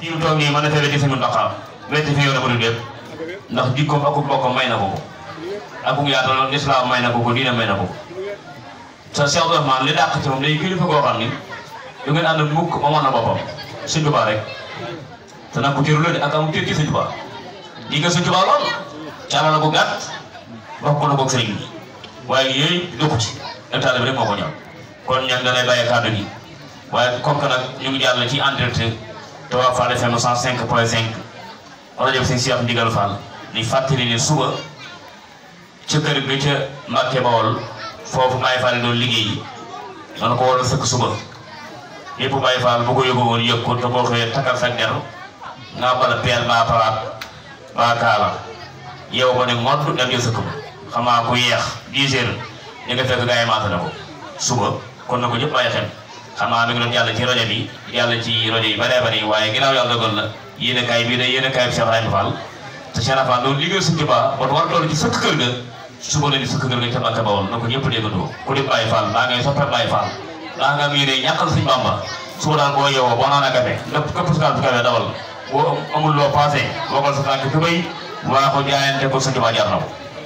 fi mu toog nii mën na fee wecc suñu ndoxam wecc fi yow la ko du lépp ndax jikkoom akub bokkam may na ko ko akub yaatal lislaam may na ko ko diine may na ko ko sa Cheikh Ousmane ak am cër ci Sëñ Tuubaa di nga Sëñ ko wax ko na koog sëriñ bi waaye yooyu dugg ci ak taalibe rek moo ko ñor kon ñaan da lay bàyyi kàddu gi ñu ngi jàll ci en direct te waa Fall FM 105 point 5 rajo Sëñ Cheikh Ndigal Fall di fàttali ni suba ca kër bi ca Mbàkke Bawol foofu Baye Fall doon liggéey man ko war a sëkk suba yëpp Baye Fall bu ko yëg ko te boo xëyee takkal sa der nga bala peel baa palaat baa kaala yow ko ne ngott dem jël sëkk xamaa ku yeex 10 heures ñu nga fekk gaa yi maata ko suba kon na ko ñëpp bàyyi xel xam naa mi ngi doon jàll ci rajo bi jàll ci rajo yi bare bare waaye ginnaaw yàlla dogal na yéen kaay bii day yéen bi Cheikh Ibrahima Fall te Cheikh Fall loolu liggéey Sëñ Tuubaa war toll ci sëkk kër ga suba la ni sëkk kër ga ca Mbàkke Bawol na ko ñëpp déggandoo ku di Baye Fall daa ngay soppe Baye Fall daa nga mii ne ñàkkal Sëñ Bàmba suba daal boo boo naan a kafe lépp képp su kaan kafe dawal boo amul loo passé bokkal sa tànk fi bay waa ko jaayante ko Sëñ Tuubaa ko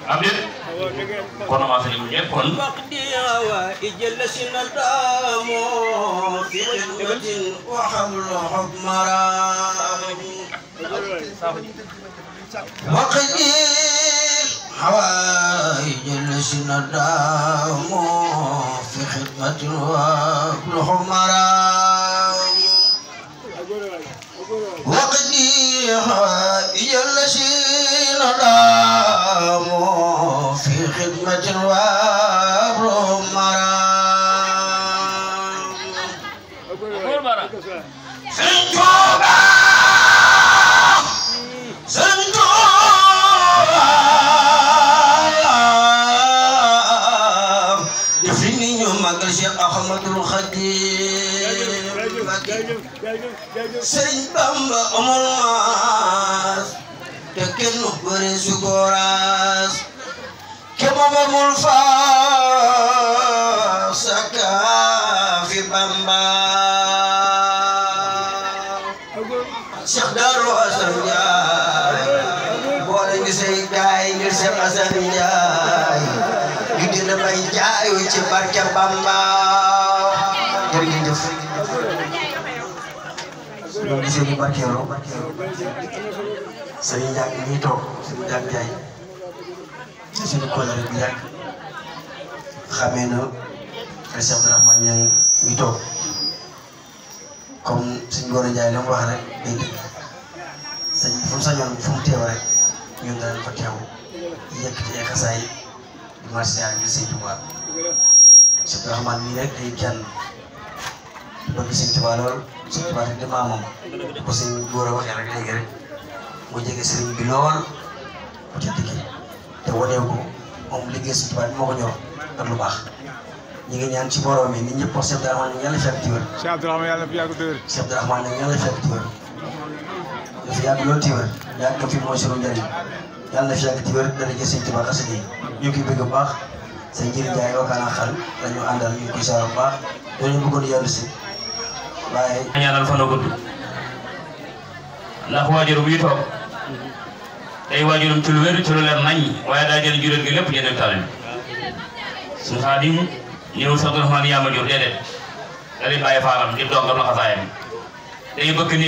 am déet kon avancé nañu ñëpp kon. وقدي حوائج لسن الدام في خدمة وابن حمراء وقدي حوائج لسن الدام نعمة وابر مرا سنتوبة سنتوبة يفيني يوم أقرش أحمد الخديم سيد بامبا أمر ماس تكنه بريس كوراس أمم الفاسك في بمبا شيخ دارو أسر جاي بولن سي جاي غير شيخ أسر جاي جدنا باي جاي وشي بارك بمبا jërëjëf ñoo gisee ñu barkeeloo barkeeloo sëriñ Ndiak mi ngi toog sëriñ Ndiak Ndiaye te suñu kóllare bu yàgg xamee na président Abdourahmane Niang mi toog comme suñu góor a jaay la wax rek day dégg sëñ bi fu mu teew rek ñun danañ fa teew yëkkati ay xasaay di marché ak di sëñ Tuubaa sëñ Abdourahmane mii rek day kenn bëgg sëñ Tuubaa lool sëñ Tuubaa rek di maamam ko sëñ a waxee rek léegi rek mu jege sëriñ bi lool ku ca dikkee te waneewu ko moom liggéey si tubaab bi moo ko ñor ak lu baax ñu ngi ñaan ci borom mi nit ñëpp wax Cheikh Abdourahmane ne yàlla fekk ci wér. Cheikh Abdourahmane yàlla fi yàgg téwér. Cheikh Abdourahmane ne yàlla fekk ci wér. dafa yàgg loolu ci wér yàgg fi mooy sunu njëriñ yàlla na fi ci wér dana gis sëñ tubaab xasida ñu ngi bëgg bu baax sëñ Jëri Jaay wakaana xal la ñu ñu koy saar bu baax dañu bëggoon yàlla si waaye ñaanal fan a gudd ndax waajur buy toog ay waajuram ci lu wér ci lu leer nañ waaye daa jël juróom gi lépp jëndee taal bi suñu xaadim ñëw sax dina xam ne yaa jur déedéet da lay bàyyi faalam di doog am la xasaayam day bëgg